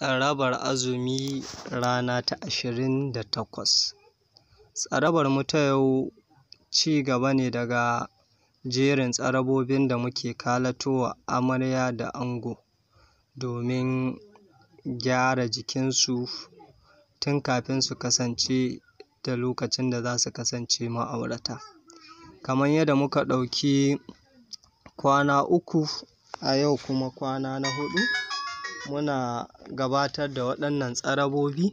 Tsarabar azumi rana ta ashirin da takwas. Tsarabar mu ta yau ci gaba ne daga jerin tsarabobin da muke kalatowa amarya da ango domin gyara jikinsu tun kafin su kasance da lokacin da za su kasance ma'aurata. Kamar yadda muka ɗauki kwana uku a yau kuma kwana na huɗu. muna gabatar da waɗannan tsarabobi.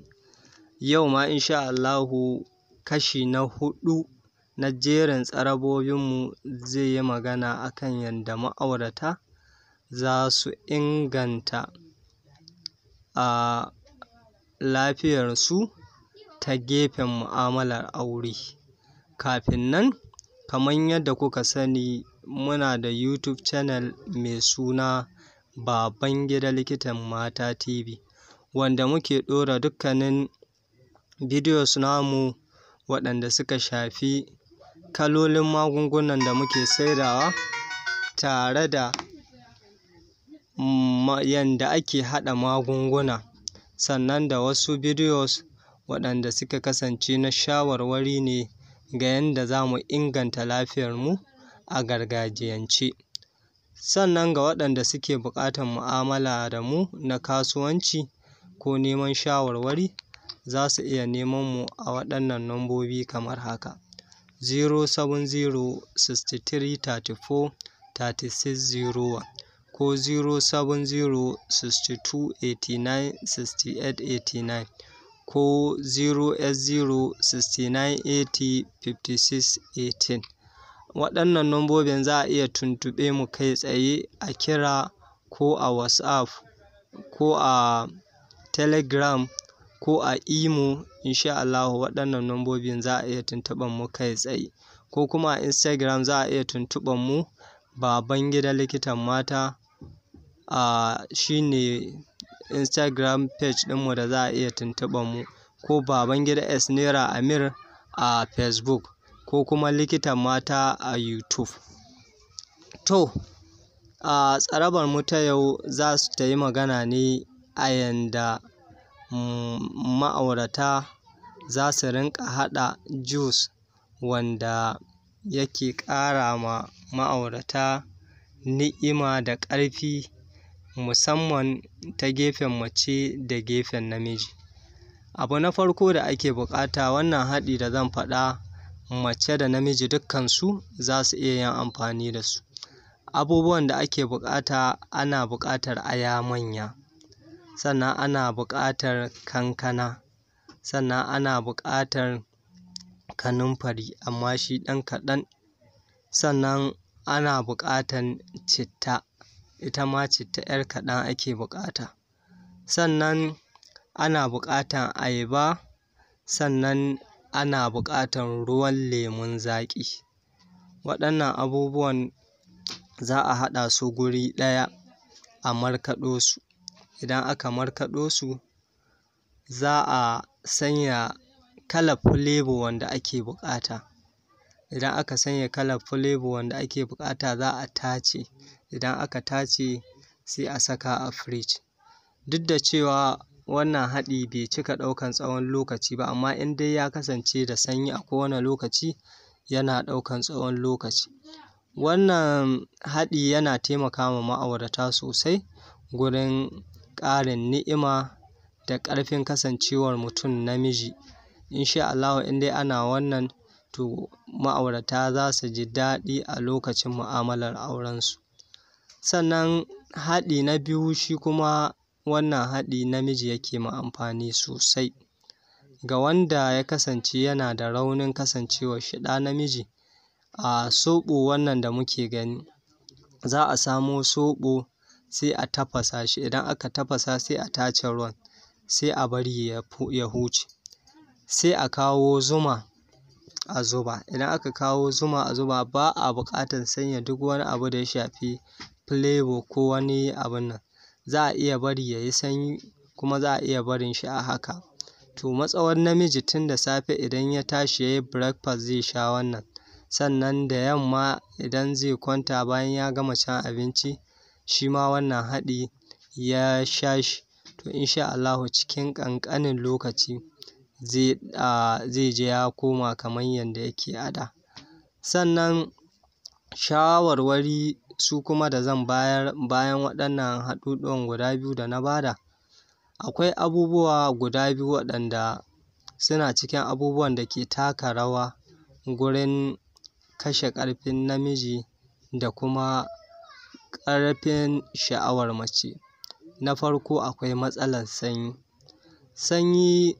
Yau ma insha Allahu kashi na huɗu na jerin tsarabobinmu zai yi magana a kan yadda ma'aurata za su inganta, a lafiyar su ta gefen mu'amalar aure. Kafin nan kamar yadda kuka sani muna da YouTube channel mai suna Baban gida Likitan Mata TV, wanda muke ɗora dukkanin videos namu waɗanda suka shafi kalolin magungunan da muke saidawa tare da yanda ake haɗa magunguna, sannan da wasu videos waɗanda suka kasance na shawarwari ne ga yanda za mu inganta lafiyarmu a gargajiyance. sannan ga waɗanda suke buƙatar mu'amala da mu na kasuwanci ko neman shawarwari, za su iya neman mu a waɗannan nambobi kamar haka: 070 ko 070 6889 ko 080-6980-5618. Waɗannan nambobin za a iya tuntuɓe mu kai tsaye a kira ko a WhatsApp ko a Telegram ko a Imo. Insha Allahu waɗannan nambobin za a iya tuntuɓe mu kai tsaye. Ko kuma a Instagram za a iya tuntuɓe mu Babangida Likitan Mata. a shine Instagram page ɗinmu da za a iya tuntuɓe mu ko Babangida S Naira Amir a Facebook. ko kuma likitan mata a YouTube. To, a tsarabar mu ta yau za su ta yi magana ne a yanda mm, ma'aurata za su rinƙa haɗa jus wanda yake ƙara ma ma'aurata ni'ima da ƙarfi musamman ta gefen mace da gefen namiji. Abu na farko da ake buƙata wannan haɗi da zan faɗa mace da namiji dukkansu za su iya yin amfani da su. Abubuwan da ake bukata ana buƙatar aya manya, sannan ana buƙatar kankana, sannan ana buƙatar kanunfari amma shi ɗan kaɗan, sannan ana buƙatar citta, ita ma citta 'yar kaɗan ake bukata Sannan ana buƙatar ayaba, sannan ana buƙatan ruwan lemun zaƙi waɗannan abubuwan za a haɗa su guri ɗaya a markaɗo su idan aka markaɗo su za a sanya kalar flavour wanda ake buƙata idan aka sanya kalar flavour wanda ake buƙata za a tace idan aka tace sai a saka a fridge duk da cewa wannan haɗi bai cika ɗaukan tsawon lokaci ba amma in dai ya kasance da sanyi a kowane lokaci yana ɗaukan tsawon lokaci. Wannan haɗi yana taimakawa ma'aurata sosai gurin ƙarin ni'ima da ƙarfin kasancewar mutum namiji. In sha Allahu in dai ana wannan to ma'aurata za su ji daɗi a lokacin mu'amalar aurensu. Sannan haɗi na biyu shi kuma wannan haɗi namiji yake ma amfani sosai. Ga wanda ya kasance yana da raunin kasancewar shi ɗa namiji, a soɓo wannan da muke gani, za a samo soɓo sai a tafasa shi, idan aka tafasa sai a tace ruwan, sai a bari ya huce. Sai a kawo zuma a zuba, idan aka kawo zuma a zuba ba a buƙatar sanya duk wani abu da ya shafi flavor ko wani abun nan. za a iya bari ya yi sanyi kuma za a iya barin shi a haka. To matsawar namiji tun da safe idan ya tashi ya yi breakfast zai sha wannan. Sannan da yamma idan zai kwanta bayan ya gama cin abinci shi ma wannan haɗi ya sha shi. To in Allahu cikin ƙanƙanin lokaci zai, je ya koma kamar yanda yake a da. Sannan shawarwari su kuma da zan bayar bayan waɗannan haɗuɗɗuwan guda biyu da na bada, Akwai abubuwa guda biyu waɗanda suna cikin abubuwan da ke taka rawa gurin kashe ƙarfin namiji da kuma ƙarfin sha'awar mace. Na farko akwai matsalar sanyi. Sanyi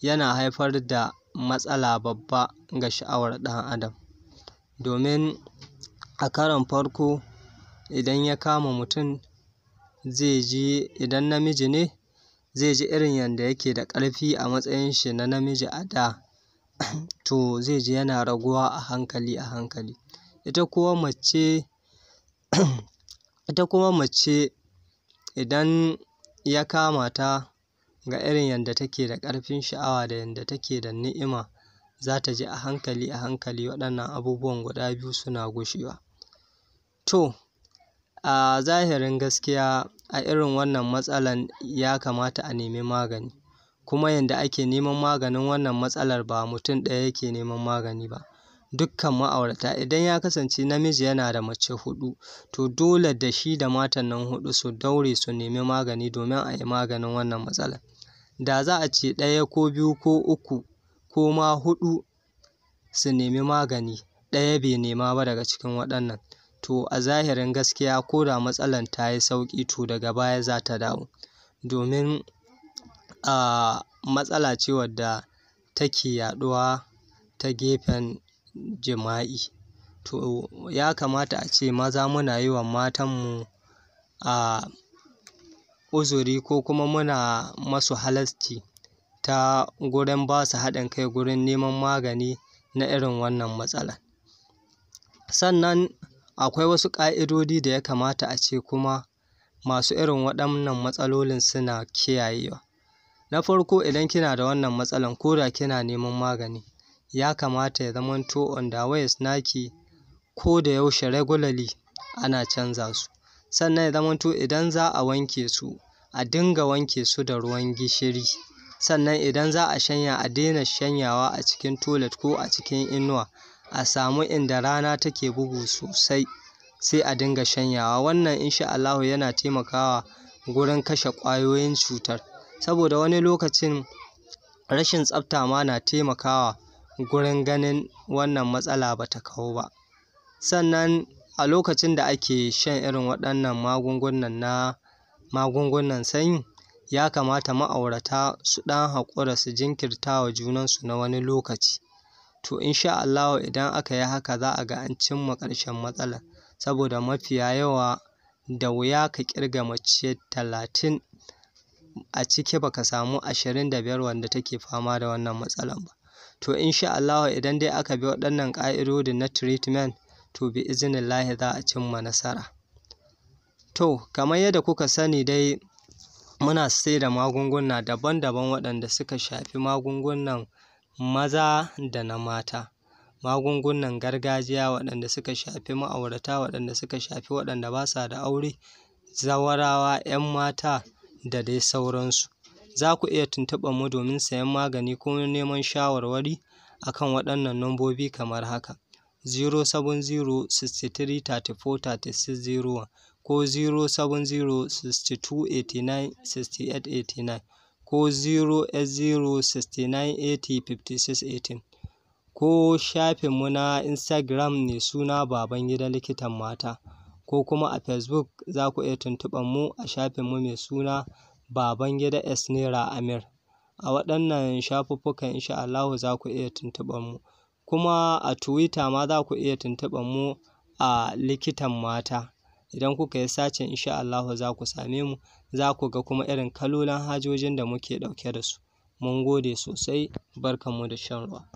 yana haifar da matsala babba ga sha'awar ɗan adam. Domin a karon farko idan ya kama mutum zai ji idan namiji ne zai ji irin yanda yake da ƙarfi a matsayin shi na namiji a da to zai ji yana raguwa a hankali a hankali ita kuwa mace ita kuma mace idan ya kama ta ga irin yanda take da ƙarfin sha'awa da yanda take da ni'ima za ta ji a hankali a hankali waɗannan abubuwan guda biyu suna gushewa To, a zahirin gaskiya a irin wannan matsalan ya kamata a nemi magani. Kuma yanda ake neman maganin wannan matsalar ba mutum ɗaya yake neman magani ba. Dukkan ma'aurata idan ya kasance namiji yana da mace huɗu, to dole da shi da matan nan huɗu su daure su nemi magani domin a yi maganin wannan matsalar. Da za a ce ɗaya ko biyu ko uku ko ma huɗu su nemi magani, ɗaya bai nema ba daga cikin waɗannan. to a zahirin gaskiya ko da matsalan ta yi sauƙi to daga baya za ta dawo. Domin, a matsala ce wadda take yaɗuwa ta gefen jima'i. To ya kamata a ce maza muna yi wa matanmu, a uzuri ko kuma muna masu halasci ta gurin ba su haɗin kai gurin neman magani na irin wannan matsalan. Sannan akwai wasu ƙa'idodi da ya kamata a ce kuma masu irin waɗannan matsalolin suna kiyayewa. Na farko idan kina da wannan matsalan ko da kina neman magani, ya kamata ya zamanto on the ways naki ko da yaushe regularly ana canza su. Sannan ya zamanto idan za a wanke su, a dinga wanke su da ruwan gishiri. Sannan idan za a shanya a daina shanyawa a cikin toilet ko a cikin inuwa. a samu inda rana take bugu sosai sai a dinga shanyawa wannan insha Allahu yana taimakawa gurin kashe ƙwayoyin cutar saboda wani lokacin rashin tsafta ma na taimakawa gurin ganin wannan matsala ba ta kawo ba sannan a lokacin da ake shan irin waɗannan magungunan na magungunan sanyi ya kamata ma'aurata su ɗan haƙura su jinkirta wa junansu na wani lokaci To insha Allahu idan aka yi haka za a ga an cimma ƙarshen matsalar. Saboda mafiya yawa da wuya ka ƙirga mace talatin a ciki baka samu ashirin da biyar wanda take fama da wannan matsalar ba. To insha Allahu idan dai aka bi waɗannan ƙa'idodi na treatment to bi iznillahi za a cimma nasara. To kamar yadda kuka sani dai muna saida magunguna daban-daban waɗanda suka shafi magungunan maza da na mata. Magungunan gargajiya waɗanda suka shafi ma'aurata, waɗanda suka shafi waɗanda ba sa da aure, zawarawa, 'yan mata da dai sauransu. Za ku iya tuntuɓar mu domin sayan magani ko neman shawarwari a kan waɗannan lambobi kamar haka: 070 63 34 36 01 ko 070 62 89 68 89. ko 08069805618 ko shafinmu na Instagram mai suna Babangida Likitan Mata ko kuma a Facebook za ku iya tuntuɓar mu a shafinmu mai suna Babangida S Naira Amir. A waɗannan shafuffukan insha Allahu za ku iya tuntuɓar mu. Kuma a Twitter ma za ku iya tuntuɓar mu a Likitan Mata. Idan kuka yi sacin insha Allahu za ku same mu, za ku ga kuma irin kalolin hajojin da muke ɗauke da su. Mun gode sosai, barkanmu da shan ruwa.